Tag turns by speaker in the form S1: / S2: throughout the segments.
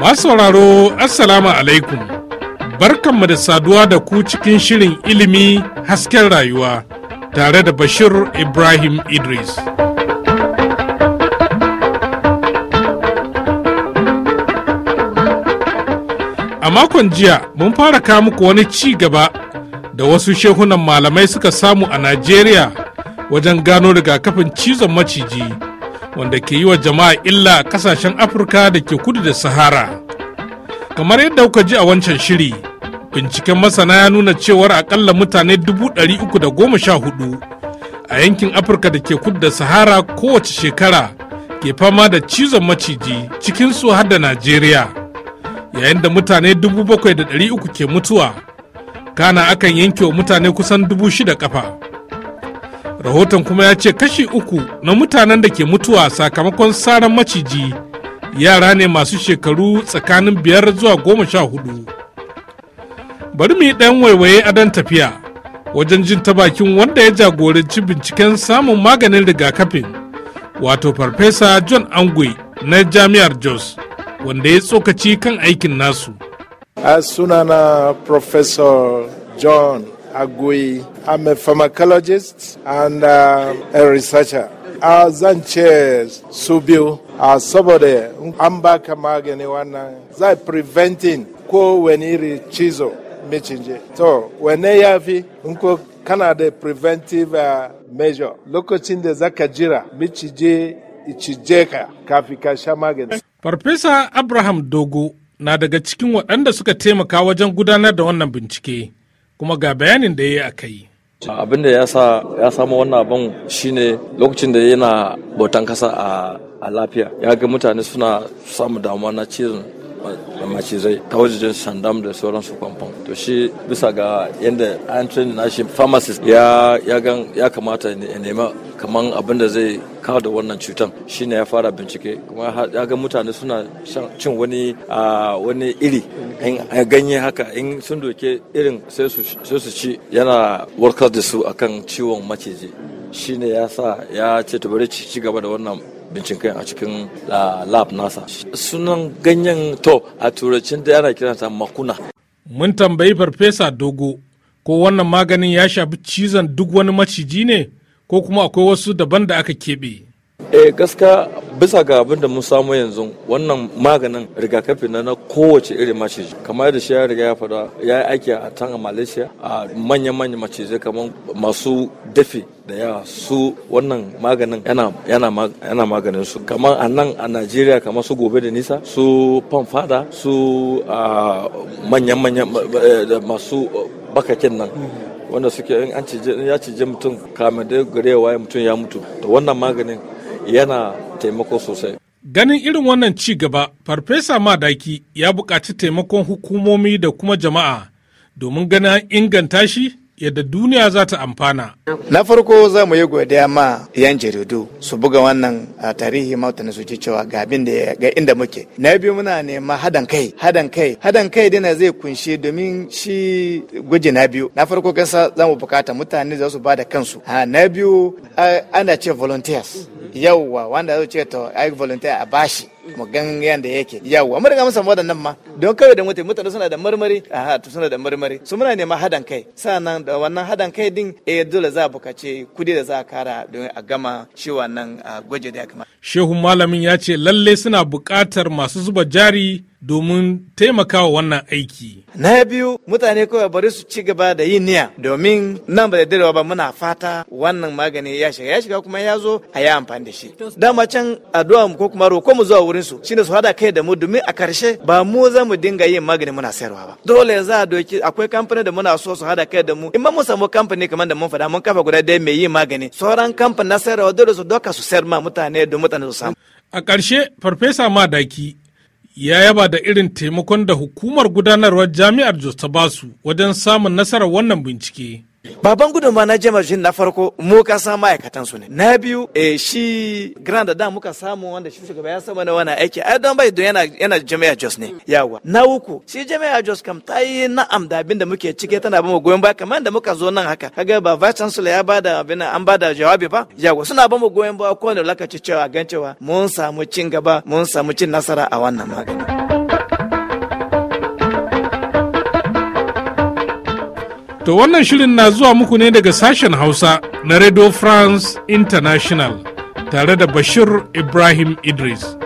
S1: Masu sauraro Assalamu alaikum barkanmu da saduwa da ku cikin shirin ilimi hasken rayuwa tare da Bashir Ibrahim Idris. A makon jiya mun fara kawo muku wani ci gaba da wasu shehunan malamai suka samu a Najeriya wajen gano rigakafin cizon maciji wanda ke yi wa jama'a illa a kasashen afirka da ke kudu da sahara kamar yadda kuka ji a wancan shiri binciken masana ya nuna cewar akalla mutane sha hudu a yankin afirka da ke kudu da sahara kowace shekara ke fama da cizon maciji cikin su har da najeriya yayin da mutane da 7,300 ke mutuwa kana akan yanke wa mutane kusan 6,000 kafa rahoton kuma ya ce kashi uku na mutanen da ke mutuwa sakamakon saran maciji yara ne masu shekaru tsakanin biyar zuwa goma sha hudu bari mu yi ɗan waiwaye a dan tafiya wajen jin ta bakin wanda ya jagoranci binciken samun maganin rigakafin wato farfesa john angwe na jami'ar jos wanda ya tsokaci kan aikin nasu a sunana professor john Agui. I'm a pharmacologist and uh, a researcher. a zan ce su biyu a uh, saboda an baka magani wannan zai preventing ko wani iri cizo micinje to wane ya fi ko kana da preventive uh, measure lokacin da zaka jira micije icije ka kafi ka sha magani farfesa abraham dogo na daga cikin waɗanda suka taimaka wajen gudanar da wannan bincike kuma ga bayanin da ya yi a kai.
S2: abin da ya samu wannan abin shine lokacin da yana bautan kasa a lafiya ya ga mutane suna samu damuwa na cizon da macizai ta wajen sandam da sauransu kwamfan to shi bisa ga yadda an train na pharmacist ya ya kamata ya nema kaman abin da zai kawo da wannan cutan shine ya fara bincike kuma ya ga mutane suna cin wani wani iri ganye haka in sun doke irin sai su ci yana warkar da su akan ciwon maciji shine ya sa ya ce ta bari ci gaba da wannan binciken a cikin lab nasa sunan ganyen to a turancin da ana kiranta makuna
S1: mun tambayi farfesa dogo ko wannan maganin ya shafi cizon duk wani maciji ne ko kuma akwai wasu daban da aka keɓe
S2: eh gaska bisa ga abin da mun samu yanzu wannan maganin rigakafi na kowace irin maciji kamar da shi ya riga ya faɗa ya yi aiki a tan a malaysia a manya-manya macizai kamar masu dafi da yawa su wannan maganin yana maganin su kamar a nan a najeriya kamar su gobe da nisa su fada su ah, manya-manya eh, masu bakakin nan wanda suke in an cije ya cije mutum kama da gare waye mutum ya mutu to wannan maganin yana taimako sosai ganin irin
S1: wannan ci gaba farfesa madaki ya buƙaci taimakon hukumomi da kuma jama'a domin ganin inganta shi yadda duniya za ta amfana. Na farko za mu
S3: yi godiya ma yan jaridu su buga wannan tarihi mauta na suke cewa ga abin da ga inda muke. Na biyu muna nema hadan kai, hadan kai, hadan kai dina zai kunshi domin shi guji na biyu. Na farko gasa za mu bukata mutane za su ba da kansu. Ha, na biyu ana ce volunteers. Yauwa wanda zai ce to ai volunteer a bashi. mu gan yanda yake yawa mu riga mun samu wadannan ma don kawai da mutane mutane suna da marmari a to suna da marmari su muna neman hadan kai sannan da wannan hadan kai din eh dole za a bukace kudi da za a kara don a gama shi wannan ah, gwaje da ya kamata
S1: shehu malamin ya ce lalle suna buƙatar masu zuba jari domin taimakawa wannan aiki. Na biyu
S3: mutane kawai bari su ci gaba da yin niyya domin nan ba da ba muna fata wannan magani ya shiga ya shiga kuma ya zo a yi amfani da shi. Dama can addu'a ko kuma roƙo mu zuwa wurin su shine su hada kai da mu domin a karshe ba mu za mu dinga yin magani muna sayarwa ba. Dole za a doki akwai kamfani da muna so su hada kai da mu in ma mun samu kamfani kamar da mun faɗa mun kafa guda ɗaya mai yin magani sauran kamfani na sayarwa dole su doka su sayar ma mutane don mutane su samu.
S1: A ƙarshe Farfesa Madaki ya yaba da irin taimakon da hukumar gudanarwar jami'ar Jos ta basu wajen samun nasarar wannan bincike. baban gudunma na jama na farko mu ka kasa
S3: ma'aikatan su ne na biyu eh, shi grand da muka samu wanda shi shugaba ya sama na wani aiki ai don bai don yana yana jami'a jos ne yawa na uku shi jami'a jos kam ta yi na'am da abin da muke cike tana bamu mu goyon baya kamar da muka zo nan haka kaga ba vice chancellor ya bada abin an bada jawabi ba yawa suna ba mu goyon baya kowane lokaci cewa gan cewa mun samu cin gaba mun samu
S1: cin nasara a wannan magana. To wannan shirin na zuwa muku ne daga sashen Hausa na Radio France International tare da Bashir Ibrahim Idris.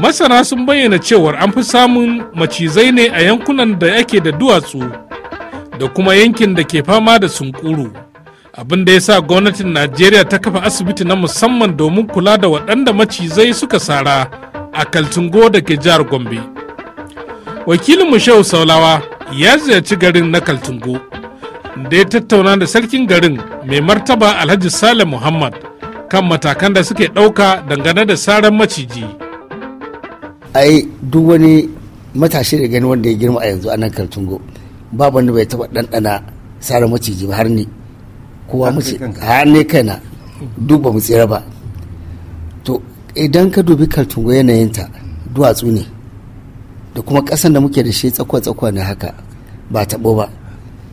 S1: Masana sun bayyana cewar an fi samun macizai ne a yankunan da yake da duwatsu da kuma yankin da ke fama da sunkuru. abin da ya sa gwamnatin najeriya ta kafa asibiti na musamman domin kula da waɗanda macizai suka sara a kaltungo da ke jihar gombe wakilin mu shehu saulawa ya ziyarci garin na kaltungo da ya tattauna da sarkin garin mai martaba alhaji sale muhammad kan matakan da suke ɗauka dangane da saran maciji
S4: ai duk wani matashi da gani wanda ya girma a yanzu a nan kaltungo babu wanda bai taba ɗanɗana saran maciji ba har ni kowa mace har ne kaina duk ba mu tsira ba to idan ka dubi kaltungo yanayinta duwatsu ne da kuma ƙasan da muke da shi tsakwa-tsakwa ne haka ba taɓo ba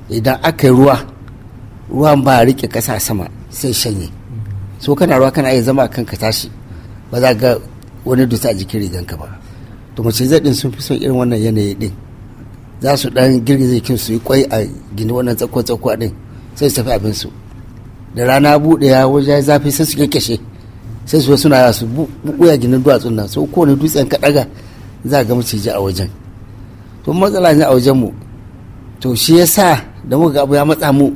S4: idan aka yi ruwa ruwan ba rike ƙasa sama sai shanye so kana ruwa kana iya zama kan ka tashi ba za ga wani dusa a jikin rigan ka ba to mace zai din sun fi son irin wannan yanayi din za su dan girgiza kin su yi kwai a gini wannan tsakwa-tsakwa din sai su tafi abin su da rana buɗe ya wajen zafi sai su kekeshe sai su suna su buɓuya ginin duwatsun nan so kowane dutsen ka ɗaga za ga ji a wajen to matsala ne a wajen mu to shi yasa da muka abu ya matsa mu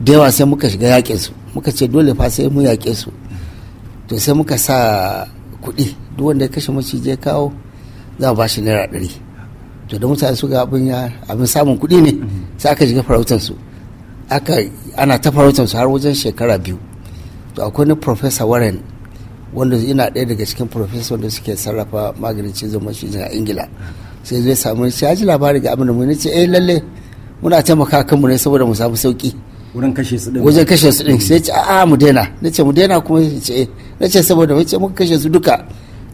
S4: da yawa sai muka shiga yaƙe su muka ce dole fa sai mu yaƙe su to sai muka sa kuɗi duk wanda ya kashe maciji ya kawo za a ba shi naira ɗari to da mutane suka abin ya abin samun kuɗi ne sai aka shiga farautar su aka ana ta farautar su har wajen shekara biyu to akwai ni professor warren wanda ina ɗaya daga cikin professor da suke sarrafa maganin cizon maciji a ingila sai zai samu ya ji labari ga abin da mun ce eh lalle muna taimaka kanmu ne saboda mu samu sauki wurin kashe su din wajen kashe su din sai ce a mu daina nace mu daina kuma sai ce eh. nace saboda wace muka kashe su duka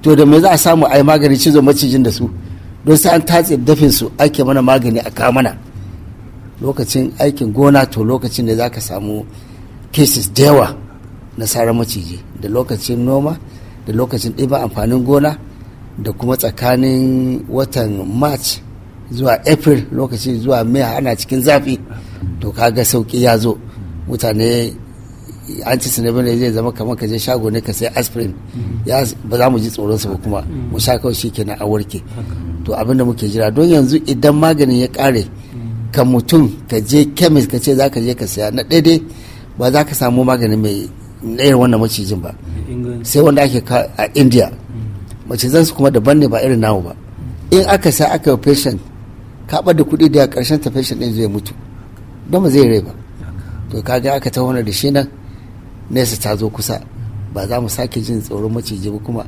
S4: to da me za a samu ai maganin cizon macijin da su don sai an tatse dafin su ake mana magani a kawo mana lokacin aikin gona to lokacin da za ka samu cases da yawa na sarar maciji da lokacin noma da lokacin ɗiban amfanin gona da kuma tsakanin watan march zuwa april lokacin zuwa mai ana cikin zafi to kaga sauki ya zo mutane an ci sinabin zai zama kamar ka je shago ne ka sai aspirin ba za mu ji tsoronsa ba kuma mu sha kawai shi kenan a warke to abin da muke jira don yanzu idan maganin ya kare ka mutum ka je kemis ka ce za ka je ka saya na daidai ba za ka samu maganin mai na irin wannan macijin ba sai wanda ake a india mm. macizan su kuma daban ne ba irin namu ba mm. in aka sa aka yi patient kaɓar da kuɗi da ƙarshen ta patient ɗin zai mutu don ba zai rai ba to kaga aka ta da shi nan nesa ta zo kusa ba za mu sake jin tsoron maciji ba kuma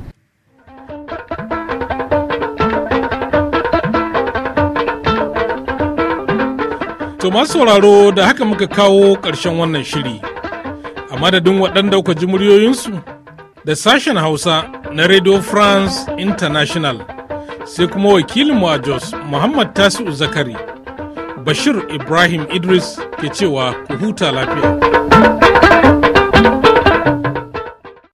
S1: To masu sauraro da haka muka kawo ƙarshen wannan shiri a madadin waɗanda ku ji muryoyinsu da sashen Hausa na Radio France International sai kuma wakilinmu a Jos Muhammad Tasi'u Zakari. Bashir Ibrahim Idris ke cewa ku huta lafiya.